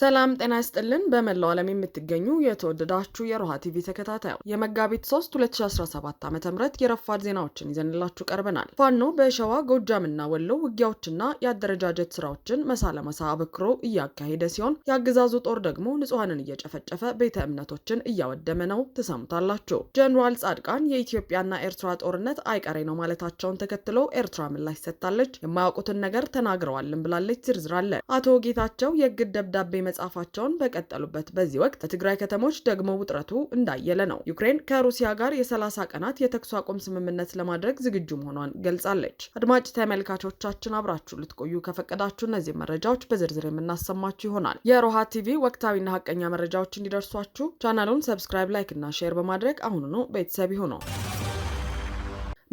ሰላም ጤና ይስጥልን። በመላው ዓለም የምትገኙ የተወደዳችሁ የሮሃ ቲቪ ተከታታዩ የመጋቢት 3 2017 ዓ ም የረፋድ ዜናዎችን ይዘንላችሁ ቀርበናል። ፋኖ በሸዋ ጎጃምና ወሎ ውጊያዎችና የአደረጃጀት ስራዎችን መሳ ለመሳ አበክሮ እያካሄደ ሲሆን የአገዛዙ ጦር ደግሞ ንጹሐንን እየጨፈጨፈ ቤተ እምነቶችን እያወደመ ነው። ትሰሙታላችሁ። ጀኔራል ጻድቃን የኢትዮጵያና ኤርትራ ጦርነት አይቀሬ ነው ማለታቸውን ተከትሎ ኤርትራ ምላሽ ሰጥታለች። የማያውቁትን ነገር ተናግረዋልን ብላለች። ዝርዝር አለ። አቶ ጌታቸው የእግድ ደብዳቤ መጻፋቸውን በቀጠሉበት በዚህ ወቅት በትግራይ ከተሞች ደግሞ ውጥረቱ እንዳየለ ነው። ዩክሬን ከሩሲያ ጋር የ30 ቀናት የተኩስ አቁም ስምምነት ለማድረግ ዝግጁ መሆኗን ገልጻለች። አድማጭ ተመልካቾቻችን አብራችሁ ልትቆዩ ከፈቀዳችሁ እነዚህ መረጃዎች በዝርዝር የምናሰማችሁ ይሆናል። የሮሃ ቲቪ ወቅታዊና ሀቀኛ መረጃዎች እንዲደርሷችሁ ቻናሉን ሰብስክራይብ፣ ላይክ እና ሼር በማድረግ አሁኑኑ ቤተሰብ ይሁኑ።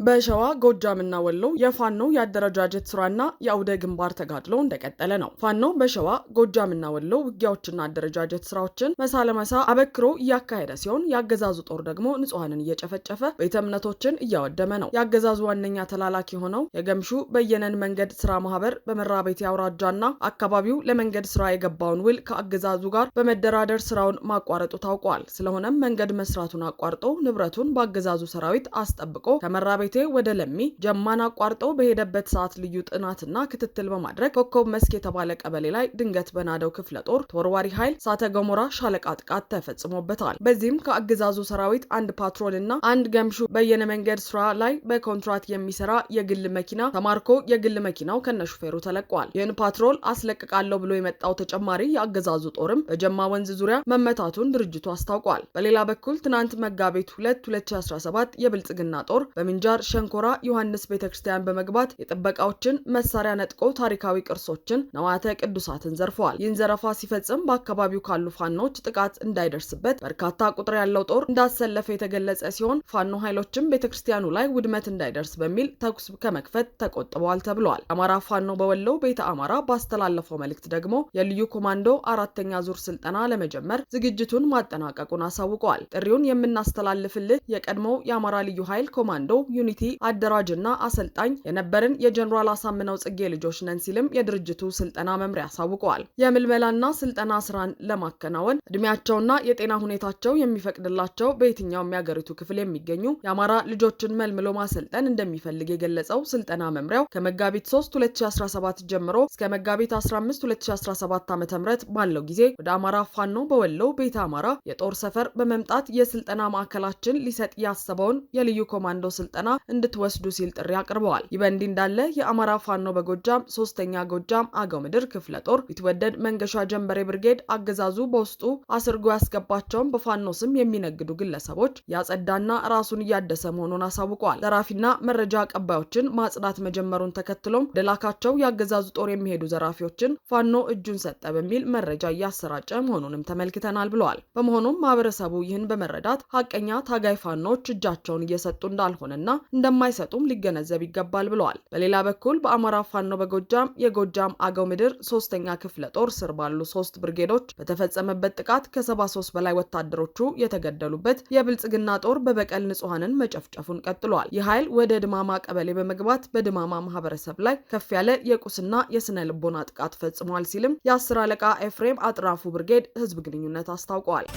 በሸዋ ጎጃምና ወሎ የፋኖ የአደረጃጀት ስራና የአውደ ግንባር ተጋድሎ እንደቀጠለ ነው። ፋኖ በሸዋ ጎጃምና ወሎ ውጊያዎችና አደረጃጀት ስራዎችን መሳ ለመሳ አበክሮ እያካሄደ ሲሆን የአገዛዙ ጦር ደግሞ ንጹሐንን እየጨፈጨፈ ቤተ እምነቶችን እያወደመ ነው። የአገዛዙ ዋነኛ ተላላኪ የሆነው የገምሹ በየነን መንገድ ስራ ማህበር በመራቤቴ አውራጃና አካባቢው ለመንገድ ስራ የገባውን ውል ከአገዛዙ ጋር በመደራደር ስራውን ማቋረጡ ታውቋል። ስለሆነም መንገድ መስራቱን አቋርጦ ንብረቱን በአገዛዙ ሰራዊት አስጠብቆ ከመራቤ ኮሚቴ ወደ ለሚ ጀማን አቋርጦ በሄደበት ሰዓት ልዩ ጥናትና ክትትል በማድረግ ኮከብ መስክ የተባለ ቀበሌ ላይ ድንገት በናደው ክፍለ ጦር ተወርዋሪ ኃይል ሳተ ገሞራ ሻለቃ ጥቃት ተፈጽሞበታል። በዚህም ከአገዛዙ ሰራዊት አንድ ፓትሮል አንድ ገምሹ በየነ መንገድ ስራ ላይ በኮንትራት የሚሰራ የግል መኪና ተማርኮ የግል መኪናው ከነሹፌሩ ተለቋል። ይህን ፓትሮል አስለቅቃለሁ ብሎ የመጣው ተጨማሪ የአገዛዙ ጦርም በጀማ ወንዝ ዙሪያ መመታቱን ድርጅቱ አስታውቋል። በሌላ በኩል ትናንት መጋቢት 2 2017 የብልጽግና ጦር በምንጃ ዳር ሸንኮራ ዮሐንስ ቤተ ክርስቲያን በመግባት የጥበቃዎችን መሳሪያ ነጥቆ ታሪካዊ ቅርሶችን ነዋያተ ቅዱሳትን ዘርፈዋል። ይህን ዘረፋ ሲፈጽም በአካባቢው ካሉ ፋኖች ጥቃት እንዳይደርስበት በርካታ ቁጥር ያለው ጦር እንዳሰለፈ የተገለጸ ሲሆን ፋኖ ኃይሎችም ቤተ ክርስቲያኑ ላይ ውድመት እንዳይደርስ በሚል ተኩስ ከመክፈት ተቆጥበዋል ተብሏል። አማራ ፋኖ በወሎ ቤተ አማራ ባስተላለፈው መልእክት ደግሞ የልዩ ኮማንዶ አራተኛ ዙር ስልጠና ለመጀመር ዝግጅቱን ማጠናቀቁን አሳውቀዋል። ጥሪውን የምናስተላልፍልህ የቀድሞው የአማራ ልዩ ኃይል ኮማንዶ ኮሚኒቲ አደራጅና አሰልጣኝ የነበርን የጀኔራል አሳምነው ጽጌ ልጆች ነን ሲልም የድርጅቱ ስልጠና መምሪያ አሳውቀዋል። የምልመላና ስልጠና ስራን ለማከናወን እድሜያቸውና የጤና ሁኔታቸው የሚፈቅድላቸው በየትኛውም የአገሪቱ ክፍል የሚገኙ የአማራ ልጆችን መልምሎ ማሰልጠን እንደሚፈልግ የገለጸው ስልጠና መምሪያው ከመጋቢት 3 2017 ጀምሮ እስከ መጋቢት 15 2017 ዓ ም ባለው ጊዜ ወደ አማራ ፋኖ በወሎ ቤተ አማራ የጦር ሰፈር በመምጣት የስልጠና ማዕከላችን ሊሰጥ ያሰበውን የልዩ ኮማንዶ ስልጠና እንድትወስዱ ሲል ጥሪ አቅርበዋል። ይህ በእንዲህ እንዳለ የአማራ ፋኖ በጎጃም ሶስተኛ ጎጃም አገው ምድር ክፍለ ጦር ቢትወደድ መንገሻ ጀንበሬ ብርጌድ አገዛዙ በውስጡ አስርጎ ያስገባቸውን በፋኖ ስም የሚነግዱ ግለሰቦች ያጸዳና ራሱን እያደሰ መሆኑን አሳውቀዋል። ዘራፊና መረጃ አቀባዮችን ማጽዳት መጀመሩን ተከትሎም ደላካቸው የአገዛዙ ጦር የሚሄዱ ዘራፊዎችን ፋኖ እጁን ሰጠ በሚል መረጃ እያሰራጨ መሆኑንም ተመልክተናል ብለዋል። በመሆኑም ማህበረሰቡ ይህን በመረዳት ሀቀኛ ታጋይ ፋኖች እጃቸውን እየሰጡ እንዳልሆነና እንደማይሰጡም ሊገነዘብ ይገባል ብለዋል። በሌላ በኩል በአማራ ፋኖ በጎጃም የጎጃም አገው ምድር ሶስተኛ ክፍለ ጦር ስር ባሉ ሶስት ብርጌዶች በተፈጸመበት ጥቃት ከ73 በላይ ወታደሮቹ የተገደሉበት የብልጽግና ጦር በበቀል ንጹሐንን መጨፍጨፉን ቀጥሏል። ይህ ኃይል ወደ ድማማ ቀበሌ በመግባት በድማማ ማህበረሰብ ላይ ከፍ ያለ የቁስና የስነ ልቦና ጥቃት ፈጽሟል ሲልም የአስር አለቃ ኤፍሬም አጥራፉ ብርጌድ ህዝብ ግንኙነት አስታውቀዋል።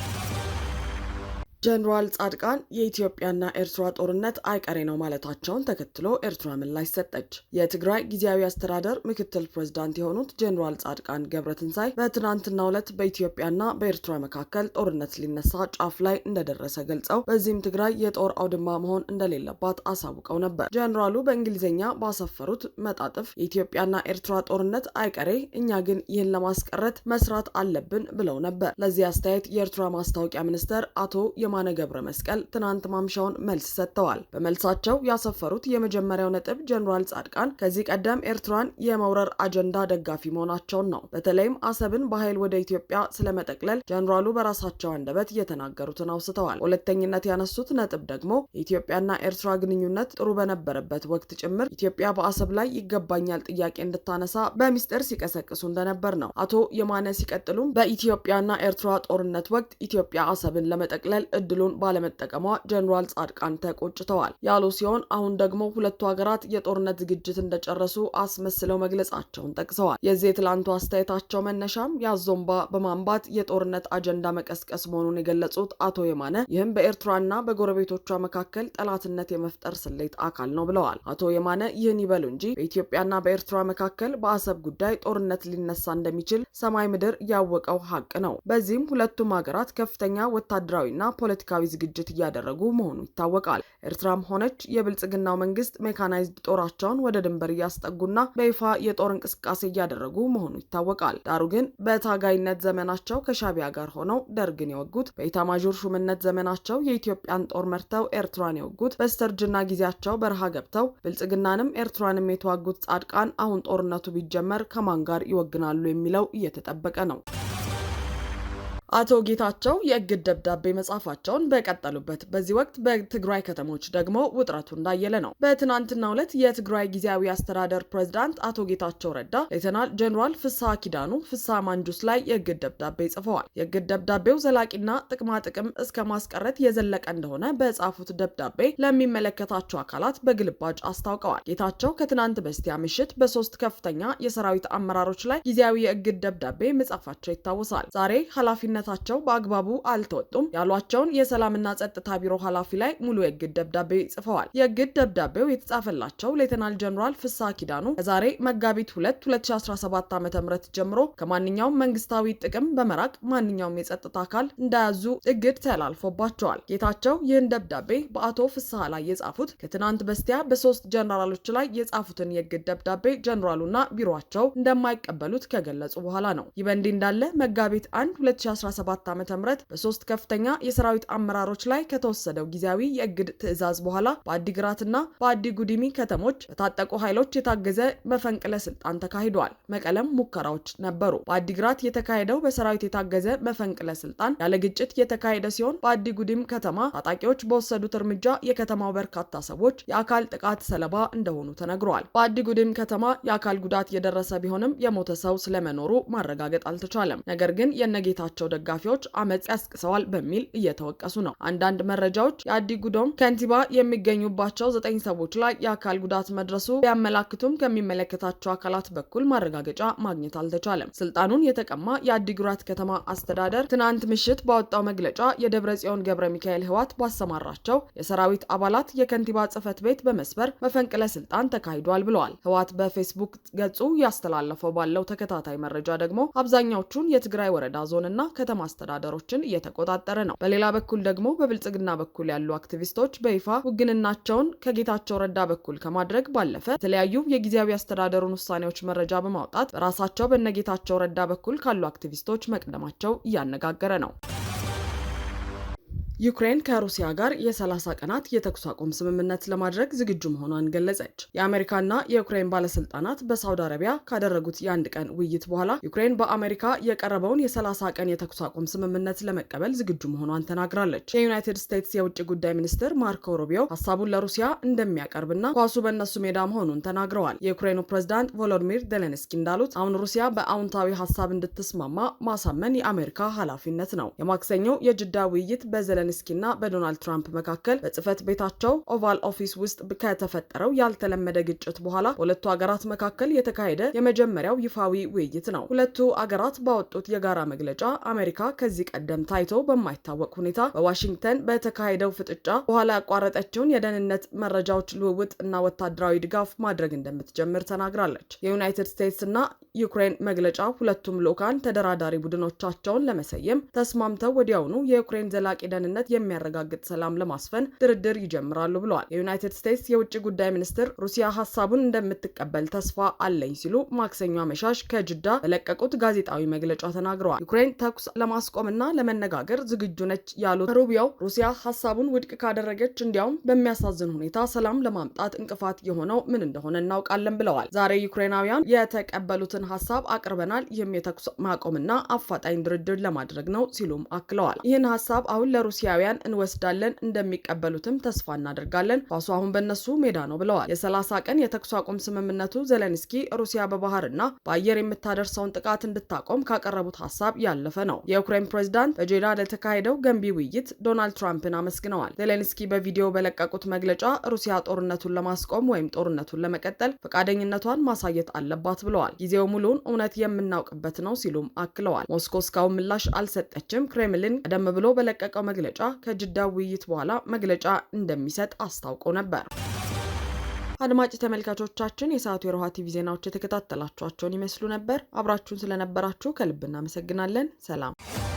ጀኔራል ጻድቃን የኢትዮጵያና ኤርትራ ጦርነት አይቀሬ ነው ማለታቸውን ተከትሎ ኤርትራ ምላሽ ሰጠች። የትግራይ ጊዜያዊ አስተዳደር ምክትል ፕሬዚዳንት የሆኑት ጀኔራል ጻድቃን ገብረትንሳይ በትናንትናው ዕለት በኢትዮጵያና በኤርትራ መካከል ጦርነት ሊነሳ ጫፍ ላይ እንደደረሰ ገልጸው በዚህም ትግራይ የጦር አውድማ መሆን እንደሌለባት አሳውቀው ነበር። ጀኔራሉ በእንግሊዝኛ ባሰፈሩት መጣጥፍ የኢትዮጵያና ኤርትራ ጦርነት አይቀሬ፣ እኛ ግን ይህን ለማስቀረት መስራት አለብን ብለው ነበር። ለዚህ አስተያየት የኤርትራ ማስታወቂያ ሚኒስተር አቶ የማነ ገብረ መስቀል ትናንት ማምሻውን መልስ ሰጥተዋል። በመልሳቸው ያሰፈሩት የመጀመሪያው ነጥብ ጀኔራል ጻድቃን ከዚህ ቀደም ኤርትራን የመውረር አጀንዳ ደጋፊ መሆናቸውን ነው። በተለይም አሰብን በኃይል ወደ ኢትዮጵያ ስለመጠቅለል ጀኔራሉ በራሳቸው አንደበት እየተናገሩትን አውስተዋል። ሁለተኝነት ያነሱት ነጥብ ደግሞ የኢትዮጵያና ኤርትራ ግንኙነት ጥሩ በነበረበት ወቅት ጭምር ኢትዮጵያ በአሰብ ላይ ይገባኛል ጥያቄ እንድታነሳ በሚስጥር ሲቀሰቅሱ እንደነበር ነው። አቶ የማነ ሲቀጥሉም በኢትዮጵያና ኤርትራ ጦርነት ወቅት ኢትዮጵያ አሰብን ለመጠቅለል እድሉን ባለመጠቀሟ ጀኔራል ጻድቃን ተቆጭተዋል ያሉ ሲሆን አሁን ደግሞ ሁለቱ ሀገራት የጦርነት ዝግጅት እንደጨረሱ አስመስለው መግለጻቸውን ጠቅሰዋል። የዚህ የትላንቱ አስተያየታቸው መነሻም የአዞምባ በማንባት የጦርነት አጀንዳ መቀስቀስ መሆኑን የገለጹት አቶ የማነ ይህም በኤርትራና በጎረቤቶቿ መካከል ጠላትነት የመፍጠር ስሌት አካል ነው ብለዋል። አቶ የማነ ይህን ይበሉ እንጂ በኢትዮጵያና በኤርትራ መካከል በአሰብ ጉዳይ ጦርነት ሊነሳ እንደሚችል ሰማይ ምድር ያወቀው ሀቅ ነው። በዚህም ሁለቱም ሀገራት ከፍተኛ ወታደራዊና ፖለቲካዊ ዝግጅት እያደረጉ መሆኑ ይታወቃል። ኤርትራም ሆነች የብልጽግናው መንግስት ሜካናይዝድ ጦራቸውን ወደ ድንበር እያስጠጉና በይፋ የጦር እንቅስቃሴ እያደረጉ መሆኑ ይታወቃል። ዳሩ ግን በታጋይነት ዘመናቸው ከሻቢያ ጋር ሆነው ደርግን የወጉት፣ በኢታማዦር ሹምነት ዘመናቸው የኢትዮጵያን ጦር መርተው ኤርትራን የወጉት፣ በስተርጅና ጊዜያቸው በረሃ ገብተው ብልጽግናንም ኤርትራንም የተዋጉት ጻድቃን አሁን ጦርነቱ ቢጀመር ከማን ጋር ይወግናሉ የሚለው እየተጠበቀ ነው። አቶ ጌታቸው የእግድ ደብዳቤ መጻፋቸውን በቀጠሉበት በዚህ ወቅት በትግራይ ከተሞች ደግሞ ውጥረቱ እንዳየለ ነው። በትናንትናው ዕለት የትግራይ ጊዜያዊ አስተዳደር ፕሬዝዳንት አቶ ጌታቸው ረዳ ሌተናል ጀኔራል ፍስሐ ኪዳኑ ፍስሐ ማንጁስ ላይ የእግድ ደብዳቤ ጽፈዋል። የእግድ ደብዳቤው ዘላቂና ጥቅማጥቅም እስከ ማስቀረት የዘለቀ እንደሆነ በጻፉት ደብዳቤ ለሚመለከታቸው አካላት በግልባጭ አስታውቀዋል። ጌታቸው ከትናንት በስቲያ ምሽት በሶስት ከፍተኛ የሰራዊት አመራሮች ላይ ጊዜያዊ የእግድ ደብዳቤ መጻፋቸው ይታወሳል። ዛሬ ኃላፊነት ኃላፊነታቸው በአግባቡ አልተወጡም ያሏቸውን የሰላምና ጸጥታ ቢሮ ኃላፊ ላይ ሙሉ የእግድ ደብዳቤ ጽፈዋል። የእግድ ደብዳቤው የተጻፈላቸው ሌተናል ጀኔራል ፍስሐ ኪዳኑ ከዛሬ መጋቢት 2 2017 ዓ ም ጀምሮ ከማንኛውም መንግስታዊ ጥቅም በመራቅ ማንኛውም የጸጥታ አካል እንዳያዙ እግድ ተላልፎባቸዋል። ጌታቸው ይህን ደብዳቤ በአቶ ፍስሐ ላይ የጻፉት ከትናንት በስቲያ በሶስት ጀነራሎች ላይ የጻፉትን የእግድ ደብዳቤ ጀኔራሉና ቢሮቸው እንደማይቀበሉት ከገለጹ በኋላ ነው። ይህ በእንዲህ እንዳለ መጋቢት 1 2017 ዓ ም በሶስት ከፍተኛ የሰራዊት አመራሮች ላይ ከተወሰደው ጊዜያዊ የእግድ ትዕዛዝ በኋላ በአዲግራትና በአዲ ጉዲሚ ከተሞች በታጠቁ ኃይሎች የታገዘ መፈንቅለ ስልጣን ተካሂዷል። መቀለም ሙከራዎች ነበሩ። በአዲግራት የተካሄደው በሰራዊት የታገዘ መፈንቅለ ስልጣን ያለ ግጭት የተካሄደ ሲሆን በአዲ ጉዲም ከተማ ታጣቂዎች በወሰዱት እርምጃ የከተማው በርካታ ሰዎች የአካል ጥቃት ሰለባ እንደሆኑ ተነግሯል። በአዲ ጉዲም ከተማ የአካል ጉዳት የደረሰ ቢሆንም የሞተ ሰው ስለመኖሩ ማረጋገጥ አልተቻለም። ነገር ግን የነጌታቸው ደጋፊዎች አመፅ ያስቅሰዋል በሚል እየተወቀሱ ነው። አንዳንድ መረጃዎች ጉዶም ከንቲባ የሚገኙባቸው ዘጠኝ ሰዎች ላይ የአካል ጉዳት መድረሱ ቢያመላክቱም ከሚመለከታቸው አካላት በኩል ማረጋገጫ ማግኘት አልተቻለም። ስልጣኑን የተቀማ የአዲግራት ከተማ አስተዳደር ትናንት ምሽት ባወጣው መግለጫ የደብረ ጽዮን ገብረ ሚካኤል ህዋት ባሰማራቸው የሰራዊት አባላት የከንቲባ ጽህፈት ቤት በመስበር መፈንቅለ ስልጣን ተካሂዷል ብለዋል። ህዋት በፌስቡክ ገጹ ያስተላለፈው ባለው ተከታታይ መረጃ ደግሞ አብዛኛዎቹን የትግራይ ወረዳ ዞን እና ከተማ አስተዳደሮችን እየተቆጣጠረ ነው። በሌላ በኩል ደግሞ በብልጽግና በኩል ያሉ አክቲቪስቶች በይፋ ውግንናቸውን ከጌታቸው ረዳ በኩል ከማድረግ ባለፈ የተለያዩ የጊዜያዊ አስተዳደሩን ውሳኔዎች መረጃ በማውጣት በራሳቸው በነጌታቸው ረዳ በኩል ካሉ አክቲቪስቶች መቅደማቸው እያነጋገረ ነው። ዩክሬን ከሩሲያ ጋር የ30 ቀናት የተኩስ አቁም ስምምነት ለማድረግ ዝግጁ መሆኗን ገለጸች። የአሜሪካና የዩክሬን ባለስልጣናት በሳውዲ አረቢያ ካደረጉት የአንድ ቀን ውይይት በኋላ ዩክሬን በአሜሪካ የቀረበውን የ30 ቀን የተኩስ አቁም ስምምነት ለመቀበል ዝግጁ መሆኗን ተናግራለች። የዩናይትድ ስቴትስ የውጭ ጉዳይ ሚኒስትር ማርኮ ሩቢዮ ሀሳቡን ለሩሲያ እንደሚያቀርብና ኳሱ በእነሱ ሜዳ መሆኑን ተናግረዋል። የዩክሬኑ ፕሬዚዳንት ቮሎዲሚር ዘሌንስኪ እንዳሉት አሁን ሩሲያ በአውንታዊ ሀሳብ እንድትስማማ ማሳመን የአሜሪካ ኃላፊነት ነው። የማክሰኞው የጅዳ ውይይት በዘለ እና በዶናልድ ትራምፕ መካከል በጽህፈት ቤታቸው ኦቫል ኦፊስ ውስጥ ከተፈጠረው ያልተለመደ ግጭት በኋላ በሁለቱ አገራት መካከል የተካሄደ የመጀመሪያው ይፋዊ ውይይት ነው። ሁለቱ አገራት ባወጡት የጋራ መግለጫ አሜሪካ ከዚህ ቀደም ታይቶ በማይታወቅ ሁኔታ በዋሽንግተን በተካሄደው ፍጥጫ በኋላ ያቋረጠችውን የደህንነት መረጃዎች ልውውጥ እና ወታደራዊ ድጋፍ ማድረግ እንደምትጀምር ተናግራለች። የዩናይትድ ስቴትስ እና ዩክሬን መግለጫ ሁለቱም ሎካን ተደራዳሪ ቡድኖቻቸውን ለመሰየም ተስማምተው ወዲያውኑ የዩክሬን ዘላቂ ደህንነት ነጻነት የሚያረጋግጥ ሰላም ለማስፈን ድርድር ይጀምራሉ ብለዋል። የዩናይትድ ስቴትስ የውጭ ጉዳይ ሚኒስትር ሩሲያ ሀሳቡን እንደምትቀበል ተስፋ አለኝ ሲሉ ማክሰኞ አመሻሽ ከጅዳ በለቀቁት ጋዜጣዊ መግለጫ ተናግረዋል። ዩክሬን ተኩስ ለማስቆምና ለመነጋገር ዝግጁ ነች ያሉት ሩቢያው ሩሲያ ሀሳቡን ውድቅ ካደረገች እንዲያውም በሚያሳዝን ሁኔታ ሰላም ለማምጣት እንቅፋት የሆነው ምን እንደሆነ እናውቃለን ብለዋል። ዛሬ ዩክሬናውያን የተቀበሉትን ሀሳብ አቅርበናል፣ ይህም የተኩስ ማቆምና አፋጣኝ ድርድር ለማድረግ ነው ሲሉም አክለዋል። ይህን ሀሳብ አሁን ለሩሲያ ኢትዮጵያውያን እንወስዳለን እንደሚቀበሉትም ተስፋ እናደርጋለን። ኳሱ አሁን በእነሱ ሜዳ ነው ብለዋል። የሰላሳ ቀን የተኩስ አቁም ስምምነቱ ዜሌንስኪ ሩሲያ በባህርና በአየር የምታደርሰውን ጥቃት እንድታቆም ካቀረቡት ሀሳብ ያለፈ ነው። የዩክሬን ፕሬዚዳንት በጄዳ ለተካሄደው ገንቢ ውይይት ዶናልድ ትራምፕን አመስግነዋል። ዜሌንስኪ በቪዲዮ በለቀቁት መግለጫ ሩሲያ ጦርነቱን ለማስቆም ወይም ጦርነቱን ለመቀጠል ፈቃደኝነቷን ማሳየት አለባት ብለዋል። ጊዜው ሙሉውን እውነት የምናውቅበት ነው ሲሉም አክለዋል። ሞስኮ እስካሁን ምላሽ አልሰጠችም። ክሬምሊን ቀደም ብሎ በለቀቀው መግለጫ መግለጫ ከጅዳ ውይይት በኋላ መግለጫ እንደሚሰጥ አስታውቆ ነበር። አድማጭ ተመልካቾቻችን የሰዓቱ የሮሃ ቲቪ ዜናዎች የተከታተላችኋቸውን ይመስሉ ነበር። አብራችሁን ስለነበራችሁ ከልብ እናመሰግናለን። ሰላም